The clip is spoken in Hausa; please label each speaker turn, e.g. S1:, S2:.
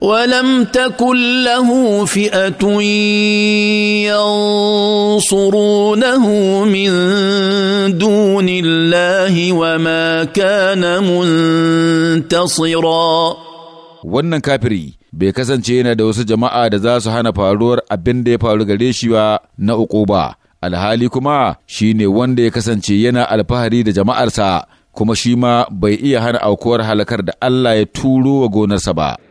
S1: ولم تكن له فئه ينصرونه من دون الله وما كان منتصرا wannan kafiri
S2: bai kasance yana da wasu jama'a da za su hana faruwar abin da ya faru gare shi ba na ba, alhali kuma shi ne wanda ya kasance yana alfahari da jama'arsa kuma shi ma bai iya hana aukuwar halakar da Allah ya turo wa gonarsa ba